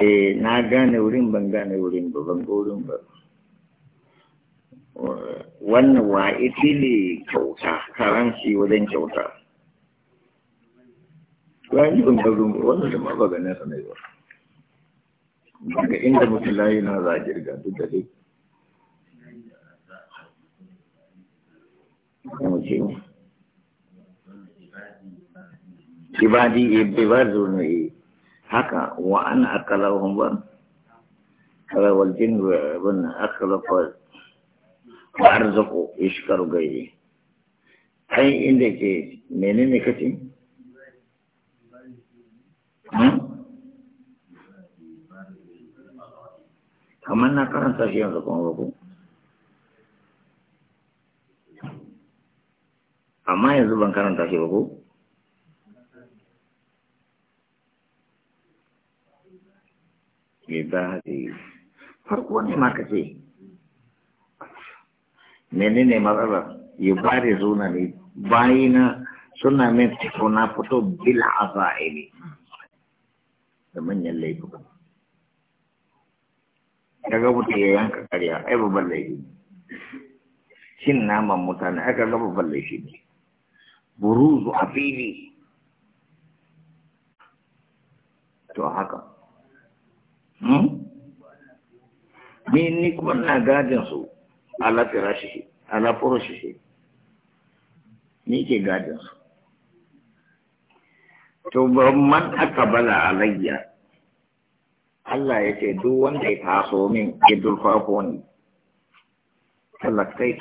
eh na gane wurin ban gane wurin ba ban wurin ba wannan wa ne kyauta karanci wajen kyauta bayan ban garin ba wannan da ma ba ganin sa ne ba daga inda mutum layi na za a jirga duk da dai kuma ce ibadi ibadi ne haka wa ana akalahum ba kalawal jin bin akalafa wa arzuku ishkaru gaye ai inda ke menene kace hmm? kamar na karanta shi yanzu kuma ba amma yanzu ban karanta shi ba ibadi farko ne ma kace menene matsalar yubari zuna ne bayina suna min fito na fito bil azaili da manyan laifuka kaga mutum ya yanka karya ai babban laifi cin naman mutane aka ga babban laifi ne buruzu a fili to haka mi hmm? ni kuma na gadin su ala firashihi ala shi ni ke gadin su to man aka bala alayya Allah ya ce duk wanda ya taso min idul fafo ne su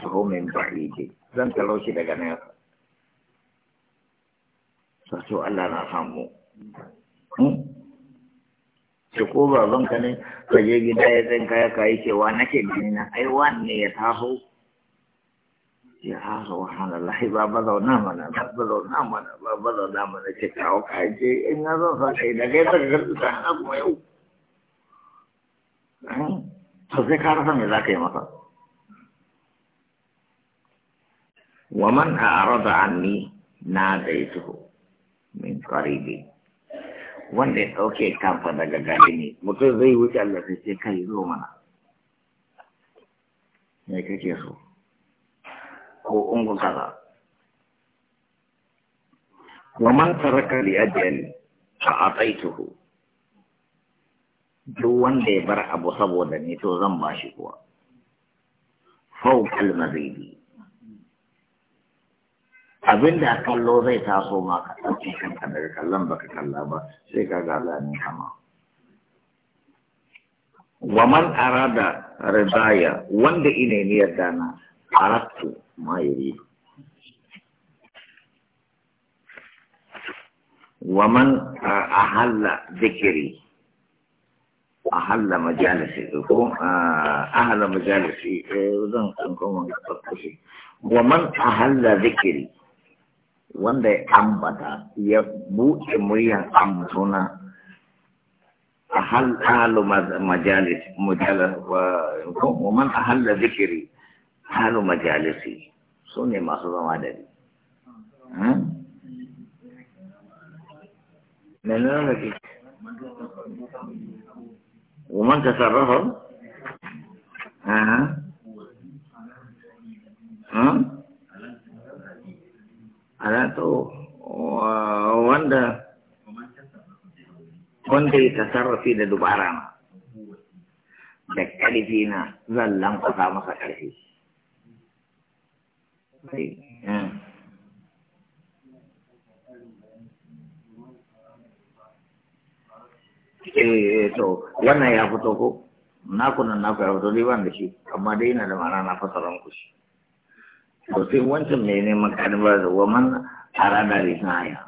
taho min bahije zan talo daga nesa sato Allah na samu hmm? ce ko babanka ne ka je gida ya tsinka ya kayi cewa nake gani na ai wanne ya taho ya haso ah, wahanalahi ba ba zauna mana ba ba zauna mana ba ba zauna mana ce kawo kaje in na zo sa kai da kai ta gardu ta hana kuma yau to sai ka rasa me za ka yi masa wa man a a'rada anni na daituhu min qaribi wanda ya ɗauke kansa daga gari ne mutum zai wuce Allah sai ce kai zo mana me kake so ko ungu kaza wa man taraka li ajal fa ataituhu duk wanda ya bar abu saboda ni to zan bashi kuwa fawqa al-mazidi abin da kallo zai taso ma ka ɗauki kanka daga kallon ba ka kalla ba sai ka ga zanen hama wa man arada rizaya wanda ina ne yarda na arattu ma yuri wa man ahalla dhikri ahalla majalisi ko ahalla majalisi eh, zan san kuma ka fakkashe wa man ahalla dhikri wanda ya ambata ya buɗe muryan amsuna a hal halu majalis mujalar wa man a hal da zikiri halu majalisi su ne masu zama da ni hmm? menene ne ke ومن تصرفه yi tasarrafi da dubara na da ƙarfi na zan lankwasa masa ƙarfi eh, eh to wannan ya fito ko na kuna na ya fito ban da shi amma dai yana da ma'ana na fasara muku shi to sai wancan mai neman karbar da waman arada risaya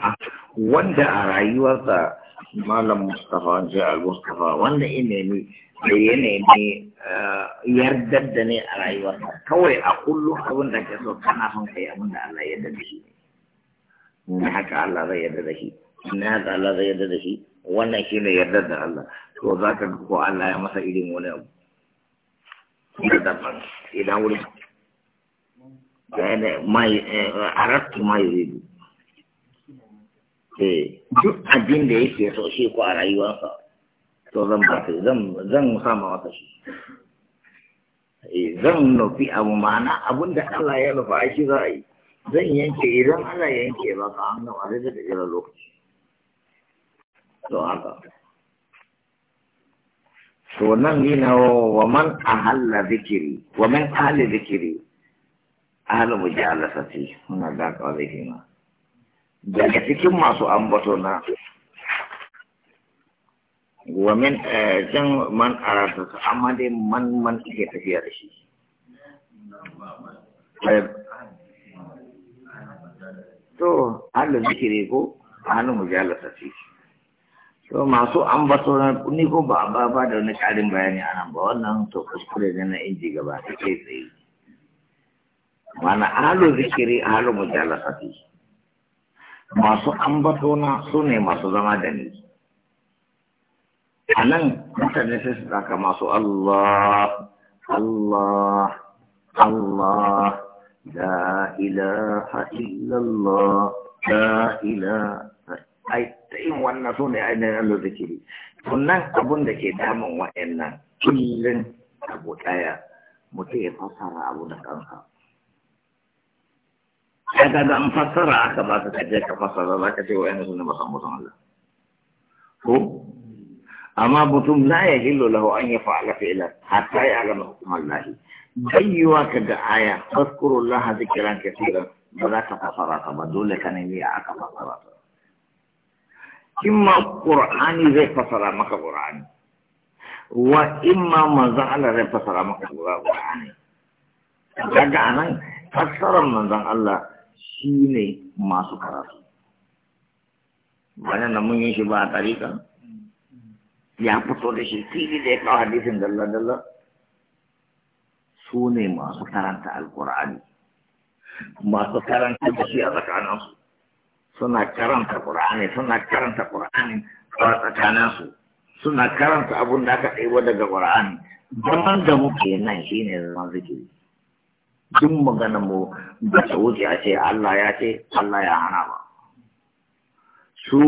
ah, wanda a rayuwarsa malam Mustafa al Mustafa wanda ya nemi da ya nemi eh, yarda da ne a rayuwarsa kawai a kullum abin da ke so kana son kai abin da Allah ya dada da shi ne haka Allah zai yarda da shi ne haka Allah zai yarda da shi wannan shi ne yarda da Allah to za ka ga ko Allah ya masa irin wani abu da daban idan wuri ma eh, arabtu ma yuridu Eh, duk abin da yake so shi ko a rayuwarsa to zan ba shi zan zan ma masa shi eh, zan nufi abu ma'ana abin da Allah ya nufa shi za a yi zan yanke idan Allah ya yanke ba ka an gama zai da jiran lokaci to haka to nan yana wa man ahalla zikiri wa man ahalla zikiri ahalla mujalasati muna da ka zikiri ma daga cikin masu ambato na wa jin eh, man arata su amma dai man man ke tafiya da shi eh, to halin zikiri ko halin mujalasa ce to masu ambato na ni ko ba ba ba da wani karin bayani a nan ba wannan to kuskure ne na inji gaba ta ke tsaye mana halin zikiri halin mujalasa ce masu ambatona su ne masu zama da ni a nan mutane sai su zaka masu Allah Allah Allah la ilaha illallah la ilaha ai ta yin wannan su ne ainihin Allah zikiri sunan abun da ke damun wa'annan kullum abu daya mutum ya fasara abu da kansa هذا ده مفسر أخذ فسر لك شيء وين سنة الله هو أما بطم لا يحل له أن يفعل فعلا حتى يعلم حكم الله بيوا كذا آية الله ذكرا كثيرا تفسر كان إما القرآن فسر مك القرآن وإما ما زعل فسر مك القرآن أنا فسر من الله shi ne masu karatu wannan nan mun yi shi ba a tarika ya fito da shi fili da ya kawo hadisin dalla-dalla su ne masu karanta alkur'ani masu karanta da shi a tsakaninsu suna karanta ƙur'ani suna karanta ƙur'ani a tsakaninsu suna karanta abun da aka ɗaiwa daga ƙur'ani zaman da muke nan shi ne zaman zikiri duk maganar mu ba ta wuce a ce Allah ya ce Allah ya hana ba su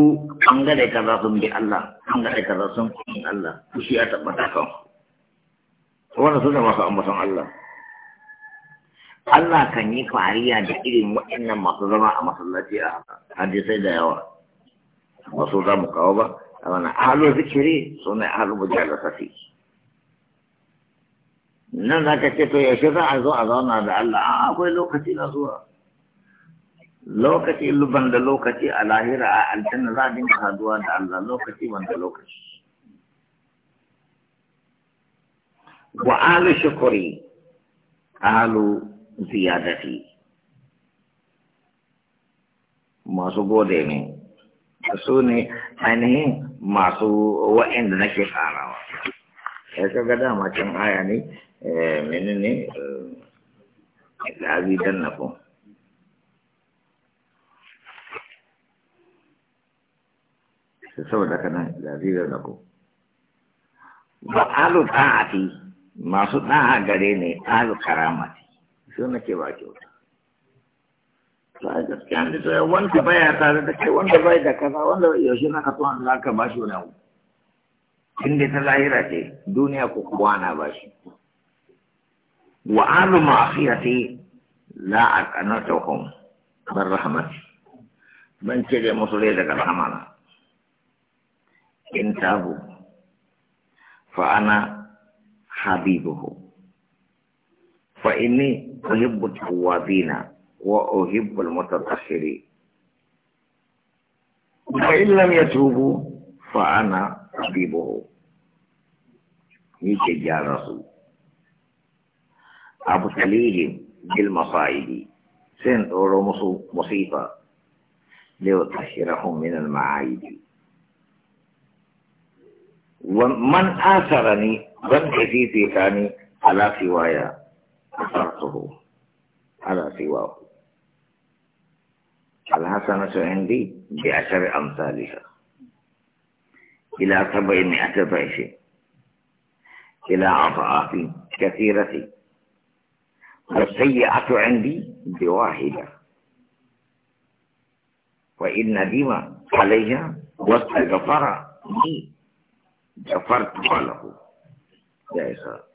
an gada kaza sun bi Allah an gada kaza sun bi Allah kushi ya tabbata kan zama suna masu basan Allah Allah kan yi fariya da irin waɗannan masu zama a masallaci a hadisai da yawa ba za mu kawo ba a wani ahalu zikiri su ne da safi. nan za ka ce to yaushe za a zo a zauna da Allah a akwai lokaci na zuwa lokaci ban da lokaci a lahira a aljanna za a dinga saduwa da Allah lokaci wanda lokaci wa alu shukuri alu ziyadati masu gode ne su ne ainihin masu wa'inda nake farawa ya kaga dama can aya ne eh, menene labi eh, dan nafon saboda kana labi dan nafon ba alu ta'ati masu ɗaha gare ne alu karamati su ke ba kyauta ta gaskiya da ta wanda baya tare da kai wanda bai da kaza wanda yaushe na ka tuwa da aka ba shi wani abu عند تظاہر ہے دنیا کو خوانا بس وعالم لا اکنتوکم بالرحمة من چلے مصرے دکا إن تابوا فانا حبیبه فإني احب التوابين وأحب احب المتطحرین فان لم يتوبوا فانا تطبيبه يجي جارسو أبو سليهم بالمصائب سن أورو مصيبة ليطهرهم من المعايب ومن آثرني من حديثي ثاني على سوايا أثرته على سواه الحسنة عندي بعشر أمثالها إلى سبعمائة ضعف إلى أضعاف كثيرة والسيئة عندي بواحدة وإن ندم عليها واستغفر لي غفرت له يا إخوان